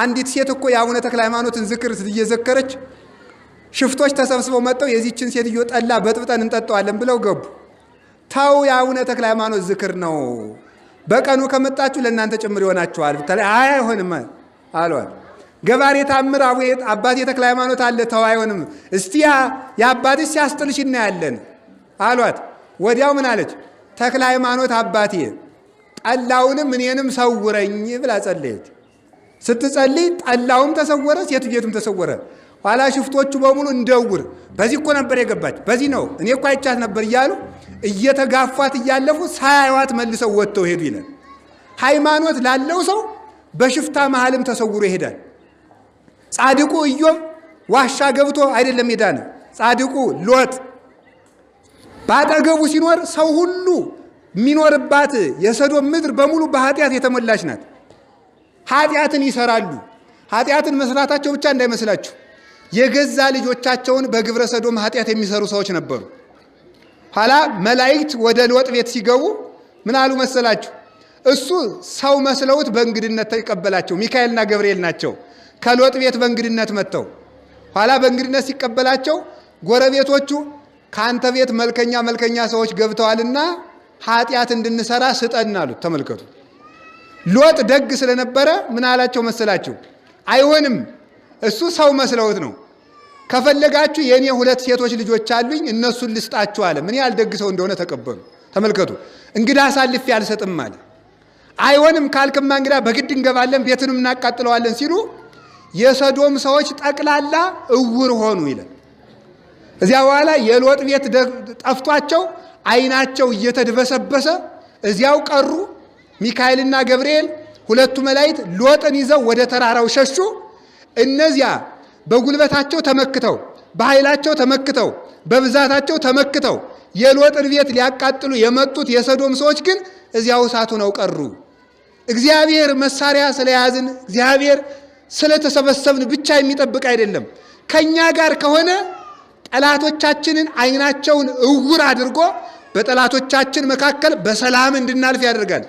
አንዲት ሴት እኮ የአቡነ ተክለ ሃይማኖትን ዝክር እየዘከረች ሽፍቶች ተሰብስበው መጥተው የዚችን ሴትዮ ጠላ በጥብጠን እንጠጣዋለን ብለው ገቡ። ተው፣ የአቡነ ተክለ ሃይማኖት ዝክር ነው። በቀኑ ከመጣችሁ ለእናንተ ጭምር ይሆናችኋል ብታለ አይ አይሆንም አሏል። ገባሬ ታምር አቡዬ አባቴ ተክለ ሃይማኖት አለ። ተው አይሆንም፣ እስቲ የአባትሽ ሲያስጥልሽ እናያለን አሏት። ወዲያው ምን አለች? ተክለ ሃይማኖት አባቴ ጠላውንም እኔንም ሰውረኝ ብላ ጸለየች። ስትጸልይ ጠላውም ተሰወረ፣ ሴትየቱም ተሰወረ። ኋላ ሽፍቶቹ በሙሉ እንደውር በዚህ እኮ ነበር የገባች፣ በዚህ ነው እኔ እኮ አይቻት ነበር እያሉ እየተጋፏት እያለፉ ሳያዋት መልሰው ወጥተው ሄዱ ይላል። ሃይማኖት ላለው ሰው በሽፍታ መሃልም ተሰውሮ ይሄዳል። ጻድቁ እዮም ዋሻ ገብቶ አይደለም ነው። ጻድቁ ሎጥ በአጠገቡ ሲኖር ሰው ሁሉ የሚኖርባት የሰዶም ምድር በሙሉ በኃጢአት የተሞላች ናት። ኃጢአትን ይሰራሉ። ኃጢአትን መስራታቸው ብቻ እንዳይመስላችሁ የገዛ ልጆቻቸውን በግብረ ሰዶም ኃጢአት የሚሰሩ ሰዎች ነበሩ። ኋላ መላእክት ወደ ልወጥ ቤት ሲገቡ ምን አሉ መሰላችሁ? እሱ ሰው መስለውት በእንግድነት ተቀበላቸው። ሚካኤልና ገብርኤል ናቸው ከሎጥ ቤት በእንግድነት መጥተው። ኋላ በእንግድነት ሲቀበላቸው ጎረቤቶቹ ከአንተ ቤት መልከኛ መልከኛ ሰዎች ገብተዋልና ኃጢአት እንድንሰራ ስጠን አሉት። ተመልከቱ። ሎጥ ደግ ስለነበረ ምን አላቸው መሰላችሁ አይሆንም፣ እሱ ሰው መስለውት ነው። ከፈለጋችሁ የእኔ ሁለት ሴቶች ልጆች አሉኝ፣ እነሱን ልስጣችሁ አለ። ምን ያህል ደግ ሰው እንደሆነ ተቀበሉ። ተመልከቱ። እንግዳ አሳልፌ አልሰጥም አለ። አይሆንም ካልክማ እንግዳ በግድ እንገባለን፣ ቤትንም እናቃጥለዋለን ሲሉ የሰዶም ሰዎች ጠቅላላ እውር ሆኑ ይላል። እዚያ በኋላ የሎጥ ቤት ጠፍቷቸው አይናቸው እየተድበሰበሰ እዚያው ቀሩ። ሚካኤልና ገብርኤል ሁለቱ መላእክት ሎጥን ይዘው ወደ ተራራው ሸሹ። እነዚያ በጉልበታቸው ተመክተው፣ በኃይላቸው ተመክተው፣ በብዛታቸው ተመክተው የሎጥን ቤት ሊያቃጥሉ የመጡት የሰዶም ሰዎች ግን እዚያው እሳቱ ነው ቀሩ። እግዚአብሔር መሳሪያ ስለያዝን እግዚአብሔር ስለተሰበሰብን ብቻ የሚጠብቅ አይደለም። ከኛ ጋር ከሆነ ጠላቶቻችንን አይናቸውን እውር አድርጎ በጠላቶቻችን መካከል በሰላም እንድናልፍ ያደርጋል።